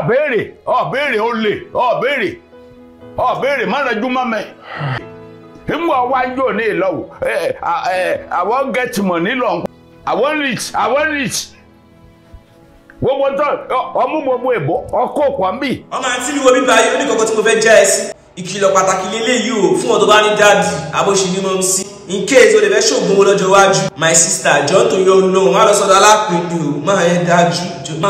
béèrè ọ béèrè ó lè ọ béèrè ọ béèrè má rẹjú mọ́ mi ìmú ọwọ́ ajó ní ìlọ́wọ́ àwọn get money lọ àwọn rich àwọn rich gbogbo tó ọmú gbogbo èbó ọkọ òkò ń bì. ọmọ àti mi wo bíbá yìí ó ní kókó tí mo fẹ́ já ẹ sí ìkìlọ̀ pàtàkì lélẹ́yìí o fún ọ̀tọ̀ bá ní dáàdì àbóṣe ni mo ń sí in case o lè fẹ́ ṣoògùn owó lọ́jọ́ iwájú my sister jọ́ nítorí olóhùn wà lọ́sọ̀dọ̀ alápèjù máa yẹ dájú.